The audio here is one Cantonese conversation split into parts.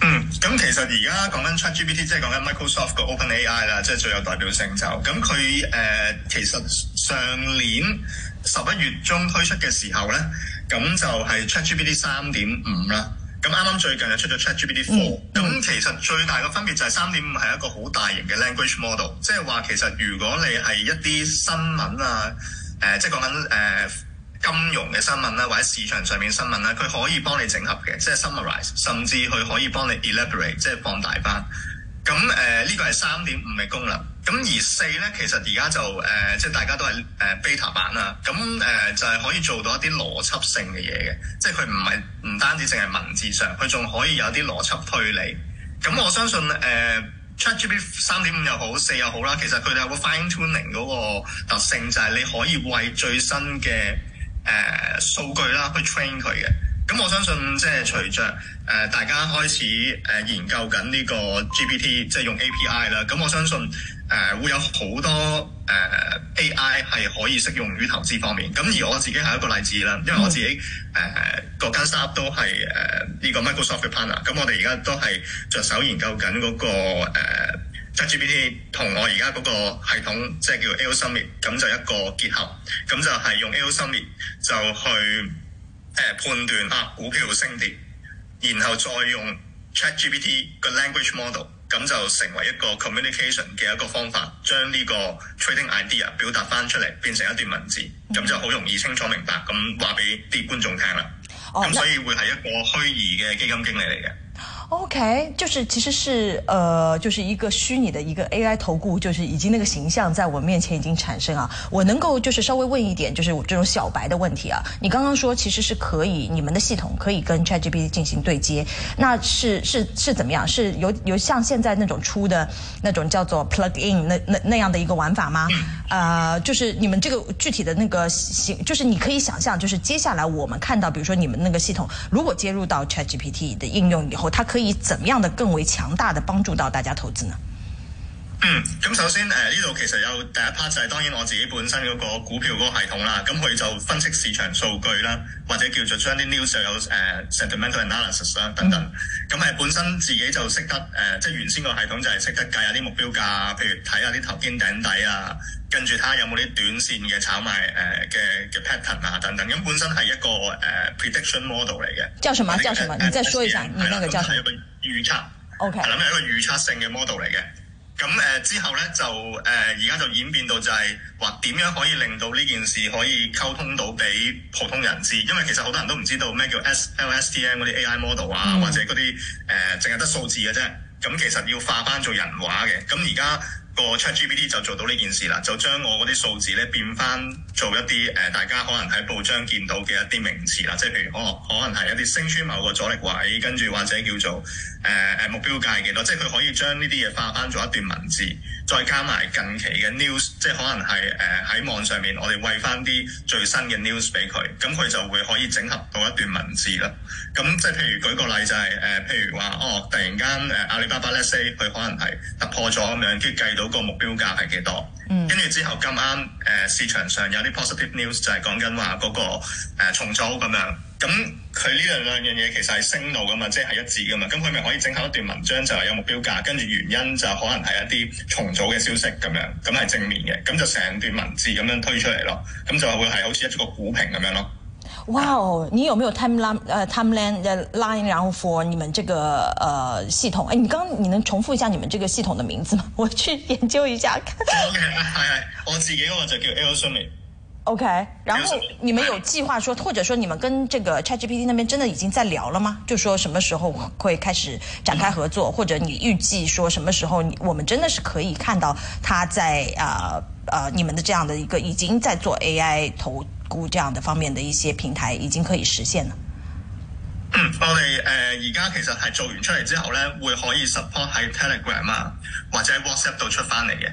嗯，咁其實而家講緊 ChatGPT，即係講緊 Microsoft 個 OpenAI 啦，即係最有代表性就咁。佢誒、呃、其實上年十一月中推出嘅時候咧，咁就係 ChatGPT 三點五啦。咁啱啱最近就出咗 ChatGPT Four。咁其實最大嘅分別就係三點五係一個好大型嘅 language model，即係話其實如果你係一啲新聞啊，誒、呃，即係講緊誒。呃金融嘅新聞啦，或者市場上面新聞啦，佢可以幫你整合嘅，即係 summarize 甚至佢可以幫你 elaborate，即係放大翻。咁誒呢個係三點五嘅功能。咁而四咧，其實而家就誒、呃，即係大家都係誒 beta 版啦。咁誒、呃、就係、是、可以做到一啲邏輯性嘅嘢嘅，即係佢唔係唔單止淨係文字上，佢仲可以有啲邏輯推理。咁我相信誒 ChatGPT 三點五又好，四又好啦。其實佢哋有個 fine tuning 嗰個特性，就係、是、你可以為最新嘅。誒、呃、數據啦，去 train 佢嘅。咁我相信即係隨着誒、呃、大家開始誒研究緊呢個 GPT，即係用 API 啦。咁我相信誒、呃、會有好多誒、呃、AI 係可以適用於投資方面。咁而我自己係一個例子啦，因為我自己誒個間 startup 都係誒呢個 Microsoft 嘅 Partner。咁我哋而家都係着手研究緊嗰、那個、呃 ChatGPT 同我而家嗰個系統，即係叫 AI Summit，咁就一個結合，咁就係用 AI Summit 就去誒、呃、判斷啊股票升跌，然後再用 ChatGPT 個 language model，咁就成為一個 communication 嘅一個方法，將呢個 trading idea 表達翻出嚟，變成一段文字，咁就好容易清楚明白，咁話俾啲觀眾聽啦。咁所以會係一個虛擬嘅基金經理嚟嘅。OK 就是其實是，呃，就是一個虛擬的一個 AI 投顧，就是已經那個形象在我面前已經產生啊。我能夠就是稍微問一點，就是我這種小白的問題啊。你剛剛說其實是可以，你們的系統可以跟 ChatGPT 進行對接，那是是是怎麼樣？是有有像現在那種出的，那種叫做 Plug-in 那那那樣的一個玩法嗎？啊、呃，就是你們這個具體的那個形，就是你可以想象，就是接下來我們看到，比如說你們那個系統如果接入到 ChatGPT 的應用以後，它可以。以怎麼樣的更為強大的幫助到大家投資呢？嗯，咁、嗯、首先誒呢度其實有第一 part 就係當然我自己本身嗰個股票嗰個系統啦，咁、嗯、佢、嗯、就分析市場數據啦，或者叫做將啲 news 有誒、呃、sentimental analysis 啦等等，咁係、嗯嗯嗯嗯、本身自己就識得誒、呃，即係原先個系統就係識得計下啲目標價，譬如睇下啲頭肩頂底啊，跟住睇下有冇啲短線嘅炒賣誒嘅嘅 pattern 啊等等，咁、嗯、本身係一個誒、呃、prediction model 嚟嘅。叫什麼？呃、叫什麼？你、呃、再說一下，你那個叫？係一個預測。O K. 係咁，係一個預測性嘅 model 嚟嘅。咁誒、呃、之後咧就誒而家就演變到就係話點樣可以令到呢件事可以溝通到俾普通人知，因為其實好多人都唔知道咩叫 LSTM 嗰啲 AI model 啊，嗯、或者嗰啲誒淨係得數字嘅啫。咁其實要化返做人話嘅。咁而家，個 ChatGPT 就做到呢件事啦，就將我啲數字咧變翻做一啲誒、呃、大家可能喺報章見到嘅一啲名詞啦，即係譬如哦可能係一啲升穿某個阻力位，跟住或者叫做誒誒、呃、目標價嘅咯，即係佢可以將呢啲嘢化翻做一段文字，再加埋近期嘅 news，即係可能係誒喺網上面我哋餵翻啲最新嘅 news 俾佢，咁、嗯、佢就會可以整合到一段文字啦。咁、嗯、即係譬如舉個例就係、是、誒、呃、譬如話哦，突然間誒、呃、阿里巴巴 let's say 佢可能係突破咗咁樣，跟住計到。嗰個目標價係幾多？嗯，跟住之後，咁啱誒市場上有啲 positive news，就係講緊話嗰個、呃、重組咁樣。咁佢呢兩兩樣嘢其實係升路噶嘛，即係一致噶嘛。咁佢咪可以整好一段文章，就係有目標價，跟住原因就可能係一啲重組嘅消息咁樣，咁係正面嘅。咁、嗯、就成段文字咁樣推出嚟咯，咁、嗯、就係會係好似一個股評咁樣咯。哇哦，你有沒有 time line？呃，timeline line，然後 for 你們這個呃系統，哎，你剛你能重複一下你們這個系統的名字嗎？我去研究一下看。O.K. 我自己我就叫 a s u m i OK，然後你們有計劃說，或者說你們跟這個 ChatGPT 那邊真的已經在聊了嗎？就說什麼時候會開始展開合作，或者你預計說什麼時候我們真的是可以看到他在啊啊、呃呃、你們的這樣的一個已經在做 AI 投顧這樣的方面的一些平台已經可以實現了。嗯、我哋誒而家其實係做完出嚟之後呢，會可以 support 喺 Telegram 啊或者喺 WhatsApp 度出翻嚟嘅。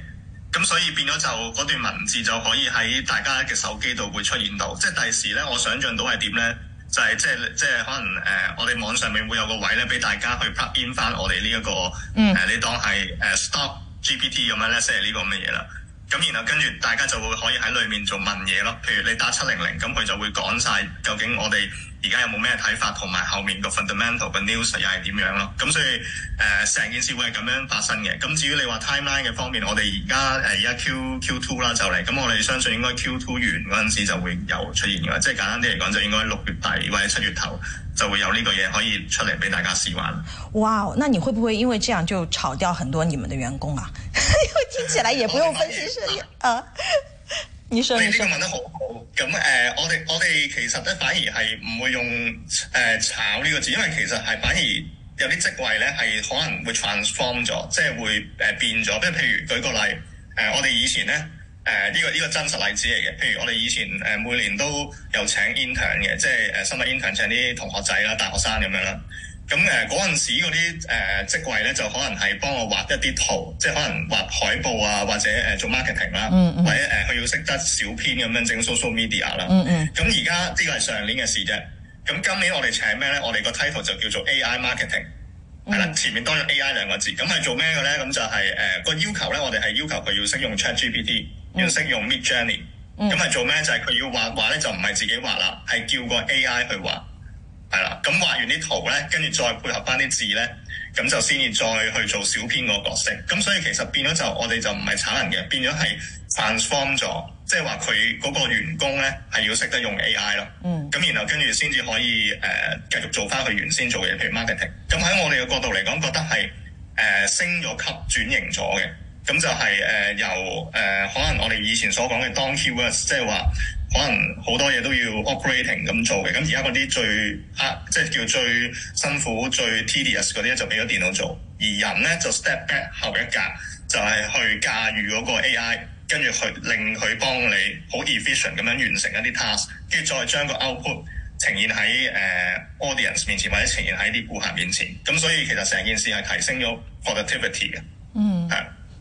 咁所以變咗就嗰段文字就可以喺大家嘅手機度會出現到，即係第時咧，我想象到係點咧，就係、是、即係即係可能誒、呃，我哋網上面會有個位咧，俾大家去 plug in 翻我哋呢一個誒、呃，你當係誒、呃、stop G P T 咁樣咧，即係呢個咁嘅嘢啦。咁然後跟住大家就會可以喺裏面做問嘢咯，譬如你打七零零，咁佢就會講晒究竟我哋而家有冇咩睇法，同埋後面個 fundamental 嘅 news 又係點樣咯。咁所以誒，成件事會係咁樣發生嘅。咁至於你話 timeline 嘅方面，我哋而家誒，而家 Q Q two 啦就嚟，咁我哋相信應該 Q two 完嗰陣時就會有出現嘅，即係簡單啲嚟講，就應該六月底或者七月頭。就會有呢個嘢可以出嚟俾大家試玩。哇！Wow, 那你會不會因為這樣就炒掉很多你們的員工啊？ 因為聽起來也不用分析師啊？你說你呢個問得好好。咁誒、 呃，我哋我哋其實咧反而係唔會用誒、呃、炒呢個字，因為其實係反而有啲職位咧係可能會 transform 咗，即、就、係、是、會誒變咗。即係譬如舉個例，誒、呃，我哋以前咧。誒呢、呃這個呢、這個真實例子嚟嘅，譬如我哋以前誒、呃、每年都有請 intern 嘅，即係誒新、呃、畢業 intern 請啲同學仔啦、大學生咁樣啦。咁誒嗰陣時嗰啲誒職位咧，就可能係幫我畫一啲圖，即係可能畫海報啊，或者誒、呃、做 marketing 啦，mm hmm. 或者誒佢、呃、要識得小編咁樣整 social media 啦。咁而家呢個係上年嘅事啫。咁今年我哋請咩咧？我哋個 title 就叫做 AI marketing，係啦、mm hmm.，前面多咗 AI 兩個字。咁係做咩嘅咧？咁就係誒個要求咧，我哋係要求佢要識用 Chat GPT。G T, 要識、嗯、用 MidJourney 咁係做咩？就係、是、佢要畫畫咧，就唔係自己畫啦，係叫個 AI 去畫，係啦。咁畫完啲圖咧，跟住再配合翻啲字咧，咁就先至再去做小編個角色。咁所以其實變咗就我哋就唔係炒人嘅，變咗係 transform 咗，即係話佢嗰個員工咧係要識得用 AI 咯。嗯。咁然後跟住先至可以誒、呃、繼續做翻佢原先做嘅嘢，譬如 marketing。咁喺我哋嘅角度嚟講，覺得係誒、呃、升咗級、轉型咗嘅。咁就係、是、誒、呃、由誒、呃、可能我哋以前所講嘅 Donkey Work，即係話可能好多嘢都要 Operating 咁做嘅。咁而家嗰啲最啊，即、就、係、是、叫最辛苦、最 Tedious 嗰啲咧，就俾咗電腦做。而人咧就 Step Back 後一格，就係、是、去駕馭嗰個 AI，跟住去令佢幫你好 Efficient 咁樣完成一啲 Task，跟住再將個 Output 呈現喺誒、呃、Audience 面前，或者呈現喺啲顧客面前。咁所以其實成件事係提升咗 Productivity 嘅，嗯，係。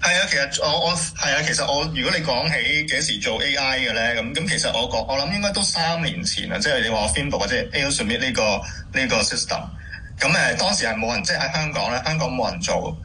係啊，其實我我係啊，其實我如果你講起幾時做 AI 嘅咧，咁咁其實我講我諗應該都三年前啊，即係你話 Finbot 或者 a i s m 呢個呢、呢個 system。咁誒當時係冇人，即係喺香港咧，香港冇人做。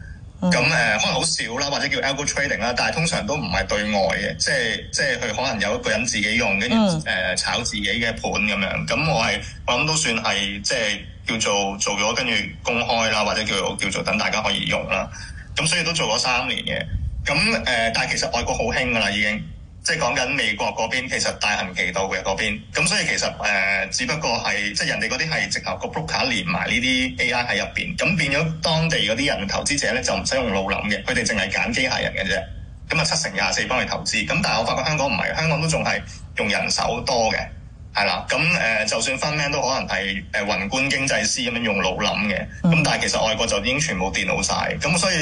咁誒 Okay. 可能好少啦，或者叫 algo trading 啦，但係通常都唔係對外嘅，即係即係佢可能有一個人自己用，跟住誒炒自己嘅盤咁、mm. 樣。咁我係我諗都算係即係叫做做咗，跟住公開啦，或者叫做叫做等大家可以用啦。咁所以都做咗三年嘅，咁誒、呃，但係其實外國好興㗎啦，已經，即係講緊美國嗰邊，其實大行其道嘅嗰邊，咁所以其實誒、呃，只不過係，即係人哋嗰啲係直頭個 book 卡連埋呢啲 AI 喺入邊，咁變咗當地嗰啲人投資者咧就唔使用腦諗嘅，佢哋淨係揀機械人嘅啫，咁啊七成廿四幫你投資，咁但係我發覺香港唔係，香港都仲係用人手多嘅。係啦，咁誒、呃，就算 fund man 都可能係誒宏觀經濟師咁樣用腦諗嘅，咁、嗯、但係其實外國就已經全部電腦晒。咁所以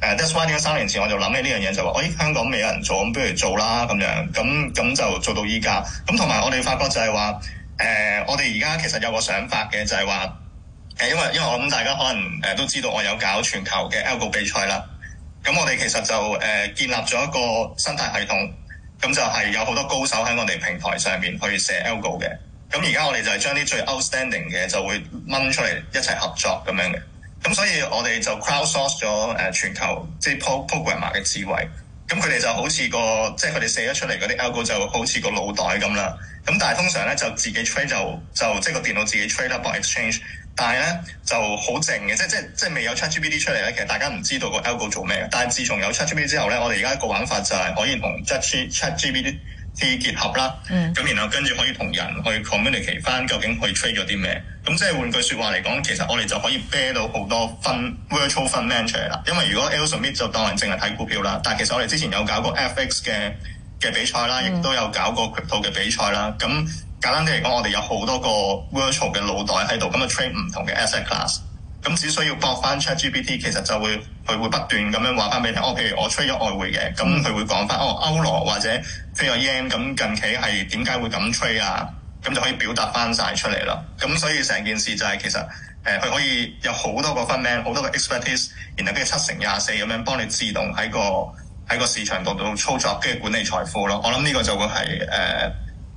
誒，that's why 三年前我就諗起呢樣嘢就話，誒、哎、香港未有人做，咁不如做啦咁樣，咁咁就做到依家，咁同埋我哋發覺就係話，誒、呃、我哋而家其實有個想法嘅就係話，誒因為因為我諗大家可能誒都知道我有搞全球嘅 algo 比賽啦，咁我哋其實就誒、呃、建立咗一個生態系統。咁就係有好多高手喺我哋平台上面去寫 algo 嘅，咁而家我哋就係將啲最 outstanding 嘅就會掹出嚟一齊合作咁樣嘅，咁所以我哋就 crowdsource 咗誒全球即係、就是、programmer 嘅智慧。咁佢哋就好似個，即係佢哋寫咗出嚟嗰啲 algo 就好似個腦袋咁啦。咁但係通常咧就自己 trade 就就即係個電腦自己 trade 啦，by exchange 但。但係咧就好靜嘅，即係即係即係未有 ChatGPT 出嚟咧，其實大家唔知道個 algo 做咩。但係自從有 ChatGPT 之後咧，我哋而家個玩法就係可以同 ChatGPT 啲結合啦，咁、嗯、然後跟住可以同人去 communicate 翻究竟佢 trade 咗啲咩，咁即係換句説話嚟講，其實我哋就可以啤到好多 fund、virtual fund man 出嚟啦。因為如果 algorithm 就當然淨係睇股票啦，但係其實我哋之前有搞過 FX 嘅嘅比賽啦，亦、嗯、都有搞過 crypto 嘅比賽啦。咁簡單啲嚟講，我哋有好多個 virtual 嘅腦袋喺度，咁啊 trade 唔同嘅 asset class。咁只需要駁翻 ChatGPT，其實就會佢會不斷咁樣話翻俾你聽。哦，譬如我吹咗外匯嘅，咁佢、嗯、會講翻哦歐羅或者譬如啊 yen，咁近期係點解會咁吹啊？咁就可以表達翻晒出嚟啦。咁所以成件事就係、是、其實誒，佢、呃、可以有好多個分類，好多個 expertise，然後跟住七成廿四咁樣幫你自動喺個喺個市場度操作，跟住管理財富咯。我諗呢個就會係誒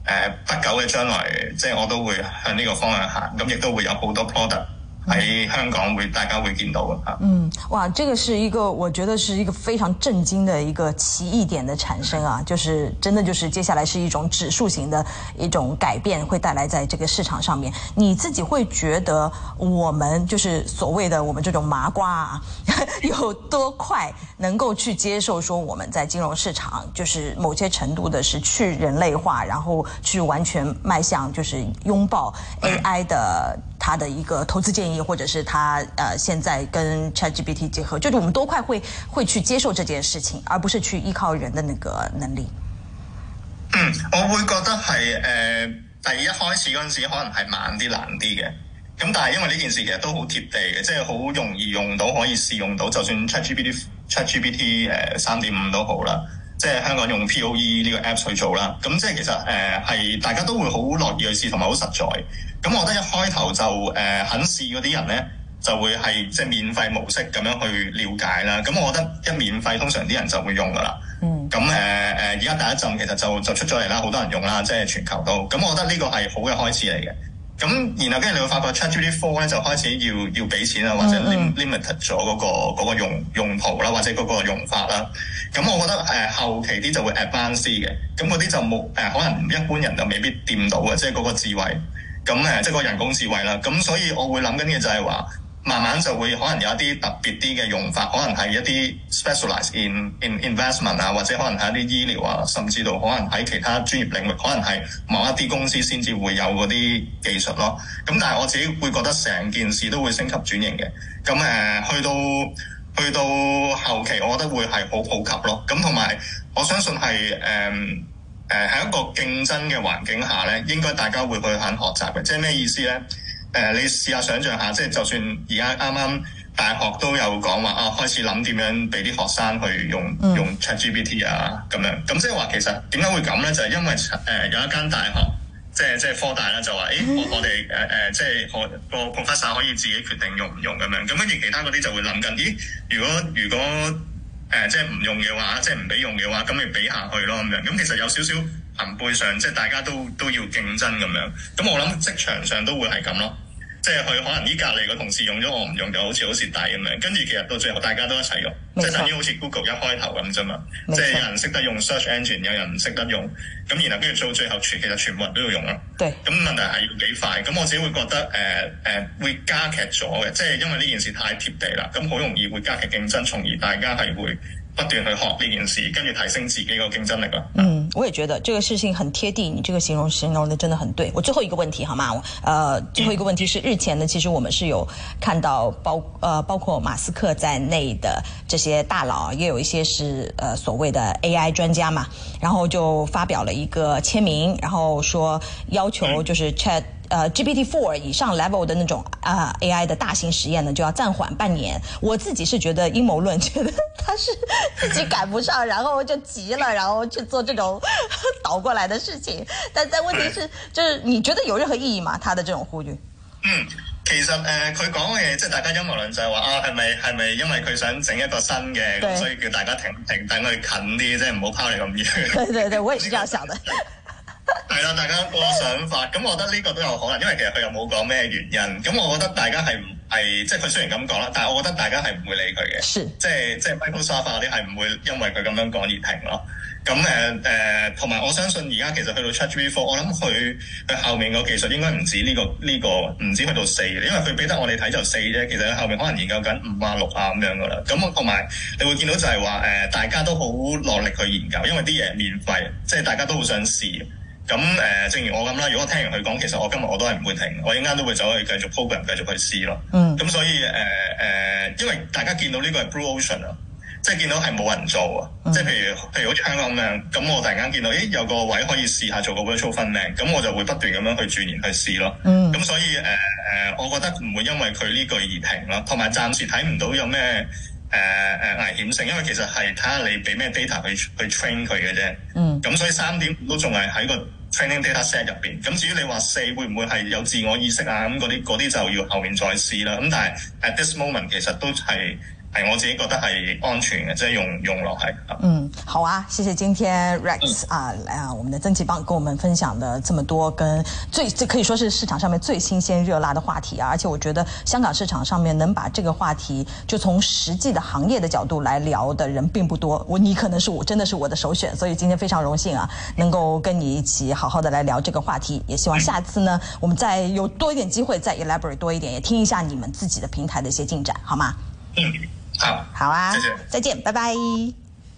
誒不久嘅將來，即、就、係、是、我都會向呢個方向行，咁亦都會有好多 product。喺香港會大家會見到啊！嗯，哇，這個是一個我覺得是一個非常震驚的一個奇異點的產生啊！就是真的，就是接下來是一種指數型的一種改變會帶來在這個市場上面，你自己會覺得我們就是所謂的我們這種麻瓜、啊、 有多快能夠去接受，說我們在金融市場，就是某些程度的是去人類化，然後去完全邁向就是擁抱 AI 的它的一個投資建議。或者是他，呃，現在跟 ChatGPT 結合，就是我們多快會會去接受這件事情，而不是去依靠人的那個能力。嗯，我會覺得係，誒、呃，第一開始嗰陣時可能係慢啲、難啲嘅，咁但係因為呢件事其實都好貼地嘅，即係好容易用到，可以試用到，就算 ChatGPT、ChatGPT 誒三點五都好啦。即係香港用 POE 呢個 apps 去做啦，咁即係其實誒係、呃、大家都會好樂意去試，同埋好實在。咁我覺得一開頭就誒、呃、肯試嗰啲人咧，就會係即係免費模式咁樣去了解啦。咁我覺得一免費，通常啲人就會用噶啦。嗯。咁誒誒，呃、而家第一陣其實就就出咗嚟啦，好多人用啦，即係全球都。咁我覺得呢個係好嘅開始嚟嘅。咁，然後跟住你會發覺 ChatGPT 4呢，就開始要要俾錢啦，或者 limit 咗嗰個用用途啦，或者嗰個用法啦。咁我覺得誒、呃、後期啲就會 advance 嘅，咁嗰啲就冇誒、呃，可能一般人就未必掂到嘅，即係嗰個智慧，咁誒、呃、即係嗰個人工智慧啦。咁所以我會諗緊嘅就係話。慢慢就會可能有一啲特別啲嘅用法，可能係一啲 specialize in in investment 啊，或者可能係一啲醫療啊，甚至到可能喺其他專業領域，可能係某一啲公司先至會有嗰啲技術咯。咁、啊、但係我自己會覺得成件事都會升級轉型嘅。咁、啊、誒，去到去到後期，我覺得會係好普及咯。咁同埋我相信係誒誒喺一個競爭嘅環境下咧，應該大家會去肯學習嘅。即係咩意思咧？誒、呃，你試下想像下，即係就算而家啱啱大學都有講話啊，開始諗點樣俾啲學生去用、嗯、用 ChatGPT 啊，咁樣。咁即係話其實點解會咁咧？就係、是、因為誒、呃、有一間大學，即係即係科大啦，就話誒、欸、我我哋誒誒即係學個 professor 可以自己決定用唔用咁樣。咁跟住其他嗰啲就會諗緊，咦？如果如果誒、呃、即係唔用嘅話，即係唔俾用嘅話，咁咪俾下去咯，咁樣。咁其實有少少。層背上，即係大家都都要競爭咁樣，咁我諗職場上都會係咁咯，即係佢可能呢隔離個同事用咗我唔用，就好似好似蝕底咁樣，跟住其實到最後大家都一齊用，十即係等於好似 Google 一開頭咁啫嘛，十即係有人識得用 search engine，有人唔識得用，咁然後跟住到最後全其實全部人都要用啦，對，咁問題係要幾快，咁我自己會覺得誒誒、呃呃、會加劇咗嘅，即係因為呢件事太貼地啦，咁好容易會加劇競爭，從而大家係會。不斷去學呢件事，跟住提升自己個競爭力。嗯，我也覺得呢個事情很貼地，你這個形容形容得真的很對。我最後一個問題，好嗎？呃，最後一個問題是：日前呢，其實我們是有看到，包，呃，包括馬斯克在內的這些大佬，也有一些是，呃，所謂的 AI 專家嘛，然後就發表了一個簽名，然後說要求就是 Chat。呃，GPT four 以上 level 的那種啊、uh, AI 的大型實驗呢，就要暫緩半年。我自己是覺得陰謀論，覺得他是自己趕不上， 然後就急了，然後去做這種倒過來的事情。但但問題是，對就是你覺得有任何意義嗎？他的這種呼籲？嗯，其實誒，佢講嘅嘢即大家陰謀論就係話，啊係咪係咪因為佢想整一個新嘅，對所以叫大家停停等佢近啲，即係唔好拋你咁遠。對對對，我也是這樣想的。係啦， 大家個想法咁，我覺得呢個都有可能，因為其實佢又冇講咩原因。咁我覺得大家係唔係即係佢雖然咁講啦，但係我覺得大家係唔會理佢嘅， 即係即係 Microsoft 嗰啲係唔會因為佢咁樣講而停咯。咁誒誒，同、呃、埋我相信而家其實去到 ChatGPT 4，我諗佢佢後面個技術應該唔止呢個呢個，唔、呢個、止去到四，因為佢俾得我哋睇就四啫。其實佢後面可能研究緊五啊六啊咁樣噶啦。咁同埋你會見到就係話誒，大家都好落力去研究，因為啲嘢免費，即係大家都好想試。咁誒、呃，正如我咁啦，如果我聽完佢講，其實我今日我都係唔會停，我依家都會走去繼續 program，繼續去試咯。咁、嗯、所以誒誒、呃，因為大家見到呢個係 blue ocean 啊，即係見到係冇人做啊，嗯、即係譬如譬如好似香港咁樣，咁我突然間見到，咦有個位可以試下做個 virtual 分領，咁我就會不斷咁樣去轉型去試咯。咁、嗯、所以誒誒、呃，我覺得唔會因為佢呢句而停咯，同埋暫時睇唔到有咩誒誒危險性，因為其實係睇下你俾咩 data 去去 train 佢嘅啫。咁、嗯、所以三點都仲係喺個。training data set 入邊，咁至於你話四會唔會係有自我意識啊？咁嗰啲嗰啲就要後面再試啦。咁但係 at this moment 其實都係。我自己覺得係安全嘅，即係用用落係。嗯，好啊，謝謝今天 Rex、嗯、啊，來啊，我們的曾啟邦跟我們分享了這麼多跟最，這可以說是市場上面最新鮮熱辣的話題啊！而且我覺得香港市場上面能把這個話題就從實際的行業的角度來聊的人並不多，我你可能是我真的是我的首選，所以今天非常榮幸啊，能夠跟你一起好好的來聊這個話題，也希望下次呢，嗯、我們再有多一點機會再 elaborate 多一點，也聽一下你們自己的平台的一些進展，好嗎？嗯。好啊，謝謝，再見，拜拜。